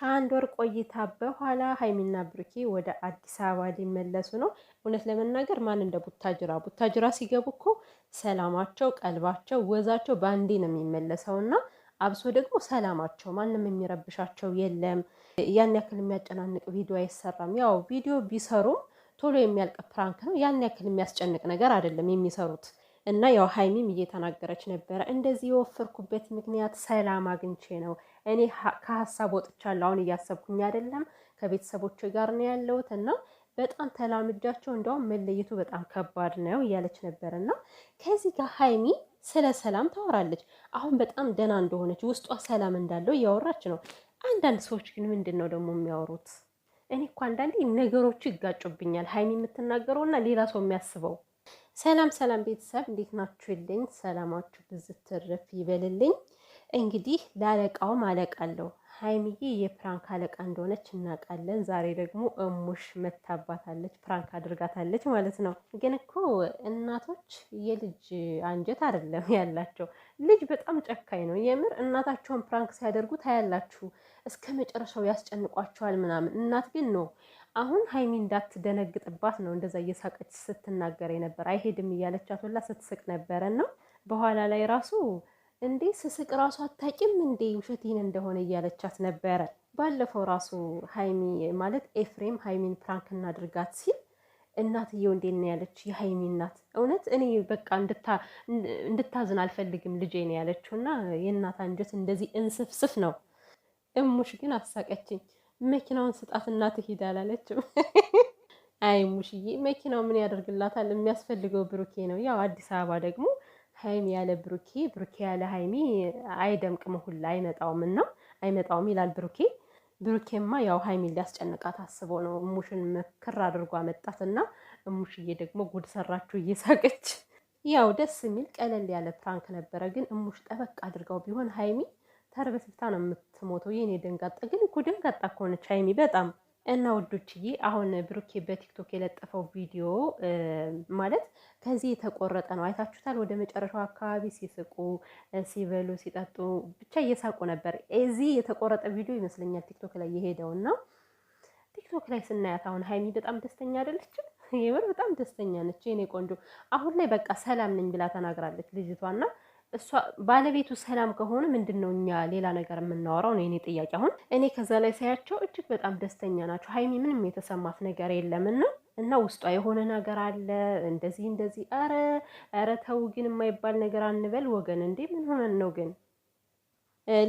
ከአንድ ወር ቆይታ በኋላ ሀይሚና ብሩኬ ወደ አዲስ አበባ ሊመለሱ ነው። እውነት ለመናገር ማን እንደ ቡታጅራ ቡታጅራ ሲገቡ እኮ ሰላማቸው፣ ቀልባቸው፣ ወዛቸው በአንዴ ነው የሚመለሰው እና አብሶ ደግሞ ሰላማቸው ማንም የሚረብሻቸው የለም። ያን ያክል የሚያጨናንቅ ቪዲዮ አይሰራም። ያው ቪዲዮ ቢሰሩም ቶሎ የሚያልቅ ፕራንክ ነው። ያን ያክል የሚያስጨንቅ ነገር አይደለም የሚሰሩት እና ያው ሀይሚም እየተናገረች ነበረ። እንደዚህ የወፈርኩበት ምክንያት ሰላም አግኝቼ ነው። እኔ ከሀሳብ ወጥቻለሁ። አሁን እያሰብኩኝ አይደለም፣ ከቤተሰቦች ጋር ነው ያለሁት እና በጣም ተላምጃቸው፣ እንደውም መለየቱ በጣም ከባድ ነው እያለች ነበር እና ከዚህ ጋር ሀይሚ ስለ ሰላም ታወራለች። አሁን በጣም ደህና እንደሆነች ውስጧ ሰላም እንዳለው እያወራች ነው። አንዳንድ ሰዎች ግን ምንድን ነው ደግሞ የሚያወሩት? እኔ እኮ አንዳንዴ ነገሮቹ ይጋጩብኛል። ሀይሚ ና ሌላ ሰው የሚያስበው ሰላም ሰላም ቤተሰብ እንዴት ናችሁልኝ? ሰላማችሁ ብዝት ይበልልኝ። እንግዲህ ለአለቃውም አለቃ አለው። ሀይሚዬ የፕራንክ አለቃ እንደሆነች እናውቃለን። ዛሬ ደግሞ እሙሽ መታባታለች፣ ፕራንክ አድርጋታለች ማለት ነው። ግን እኮ እናቶች የልጅ አንጀት አይደለም ያላቸው። ልጅ በጣም ጨካኝ ነው። የምር እናታቸውን ፕራንክ ሲያደርጉ ታያላችሁ። እስከ መጨረሻው ያስጨንቋቸዋል ምናምን። እናት ግን ነው አሁን ሀይሚ እንዳትደነግጥባት ነው እንደዛ እየሳቀች ስትናገር የነበር አይሄድም እያለቻት ሁላ ስትስቅ ነበረና በኋላ ላይ ራሱ እንዴ ስስቅ ራሱ አታቂም እንዴ ውሸቴን እንደሆነ እያለቻት ነበረ። ባለፈው ራሱ ሀይሚ ማለት ኤፍሬም ሀይሚን ፕራንክ እናድርጋት ሲል እናትየው እንዴት ነው ያለች የሀይሚ እናት እውነት እኔ በቃ እንድታዝን አልፈልግም ልጄ ነው ያለችው እና የእናት አንጀት እንደዚህ እንስፍስፍ ነው። እሙሽ ግን አሳቀችኝ። መኪናውን ስጣትና እና ትሂድ አላለችም። አይ ሙሽዬ መኪናው ምን ያደርግላታል? የሚያስፈልገው ብሩኬ ነው። ያው አዲስ አበባ ደግሞ ሀይሚ ያለ ብሩኬ፣ ብሩኬ ያለ ሀይሚ አይደምቅም፣ ሁላ አይመጣውም እና አይመጣውም ይላል ብሩኬ። ብሩኬማ ያው ሀይሚን ሊያስጨንቃት አስቦ ነው። እሙሽን ምክር አድርጎ አመጣት እሙሽዬ ደግሞ ጉድ ሰራችሁ እየሳቀች ያው ደስ የሚል ቀለል ያለ ፕራንክ ነበረ። ግን እሙሽ ጠበቅ አድርገው ቢሆን ሀይሚ ተርበስብታ ነው የምትሞተው። የኔ ደንጋጣ ግን እኮ ደንጋጣ ከሆነች ሀይሚ በጣም እና ወዶችዬ፣ አሁን ብሩኬ በቲክቶክ የለጠፈው ቪዲዮ ማለት ከዚህ የተቆረጠ ነው። አይታችሁታል። ወደ መጨረሻው አካባቢ ሲስቁ፣ ሲበሉ፣ ሲጠጡ ብቻ እየሳቁ ነበር። እዚህ የተቆረጠ ቪዲዮ ይመስለኛል ቲክቶክ ላይ የሄደው እና ቲክቶክ ላይ ስናያት አሁን ሀይሚ በጣም ደስተኛ አይደለችም። የምር በጣም ደስተኛ ነች የኔ ቆንጆ። አሁን ላይ በቃ ሰላም ነኝ ብላ ተናግራለች ልጅቷና እሷ ባለቤቱ ሰላም ከሆነ ምንድን ነው እኛ ሌላ ነገር የምናወራው ነው የኔ ጥያቄ። አሁን እኔ ከዛ ላይ ሳያቸው እጅግ በጣም ደስተኛ ናቸው። ሀይሚ ምንም የተሰማት ነገር የለምና እና ውስጧ የሆነ ነገር አለ እንደዚህ እንደዚህ። አረ አረ ተው ግን የማይባል ነገር አንበል ወገን። እንዴ ምን ሆነን ነው ግን?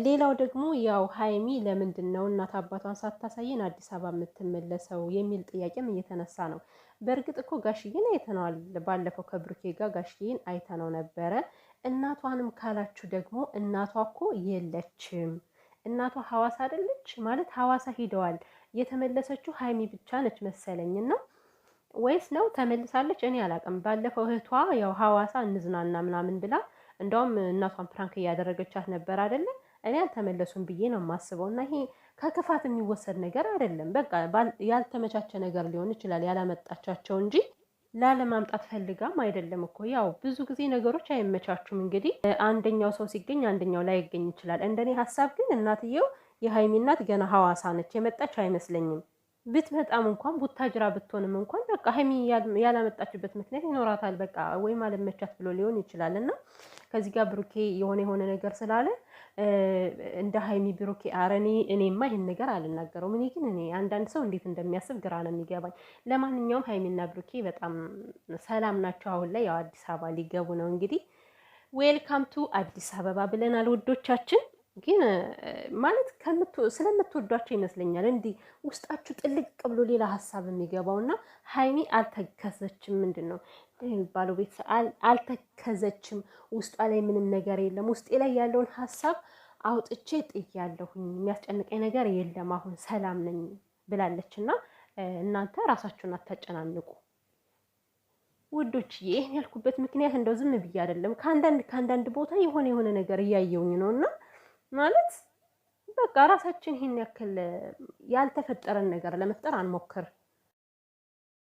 ሌላው ደግሞ ያው ሀይሚ ለምንድን ነው እናት አባቷን ሳታሳየን አዲስ አበባ የምትመለሰው የሚል ጥያቄም እየተነሳ ነው። በእርግጥ እኮ ጋሽዬን አይተነዋል። ባለፈው ከብሩኬ ጋር ጋሽዬን አይተነው ነበረ። እናቷንም ካላችሁ ደግሞ እናቷ እኮ የለችም። እናቷ ሐዋሳ አይደለች ማለት ሐዋሳ ሂደዋል። የተመለሰችው ሀይሚ ብቻ ነች መሰለኝ እና ወይስ ነው ተመልሳለች? እኔ አላውቅም። ባለፈው እህቷ ያው ሐዋሳ እንዝናና ምናምን ብላ እንደውም እናቷን ፕራንክ እያደረገቻት ነበር አይደለ? እኔ አልተመለሱም ብዬ ነው የማስበው። እና ይሄ ከክፋት የሚወሰድ ነገር አይደለም። በቃ ያልተመቻቸ ነገር ሊሆን ይችላል ያላመጣቻቸው እንጂ ላለማምጣት ፈልጋም አይደለም እኮ ያው ብዙ ጊዜ ነገሮች አይመቻችሁም እንግዲህ አንደኛው ሰው ሲገኝ አንደኛው ላይገኝ ይችላል። እንደኔ ሀሳብ ግን እናትየው የሀይሚ እናት ገና ሀዋሳ ነች የመጣች አይመስለኝም። ብትመጣም እንኳን ቡታጅራ ብትሆንም እንኳን በቃ ሀይሚ ያላመጣችበት ምክንያት ይኖራታል። በቃ ወይም አለመቻት ብሎ ሊሆን ይችላል እና ከዚህ ጋር ብሩኬ የሆነ የሆነ ነገር ስላለ እንደ ሀይሚ ብሩኬ አረኔ እኔማ ይህን ነገር አልናገረውም። እኔ ግን እኔ አንዳንድ ሰው እንዴት እንደሚያስብ ግራ ነው የሚገባኝ። ለማንኛውም ሀይሚና ብሩኬ በጣም ሰላም ናቸው። አሁን ላይ ያው አዲስ አበባ ሊገቡ ነው እንግዲህ ዌልካም ቱ አዲስ አበባ ብለናል ውዶቻችን። ግን ማለት ስለምትወዷቸው ይመስለኛል እንዲህ ውስጣችሁ ጥልቅ ብሎ ሌላ ሀሳብ የሚገባውና ሀይሚ አልተከሰችም ምንድን ነው ይህ የሚባለው ቤት አልተከዘችም። ውስጧ ላይ ምንም ነገር የለም። ውስጤ ላይ ያለውን ሀሳብ አውጥቼ ጥያለሁኝ። የሚያስጨንቀኝ ነገር የለም። አሁን ሰላም ነኝ ብላለች እና እናንተ ራሳችሁን አታጨናንቁ ውዶች። ይህን ያልኩበት ምክንያት እንደው ዝም ብዬ አይደለም። ከአንዳንድ ከአንዳንድ ቦታ የሆነ የሆነ ነገር እያየውኝ ነው እና ማለት በቃ ራሳችን ይህን ያክል ያልተፈጠረን ነገር ለመፍጠር አንሞክር።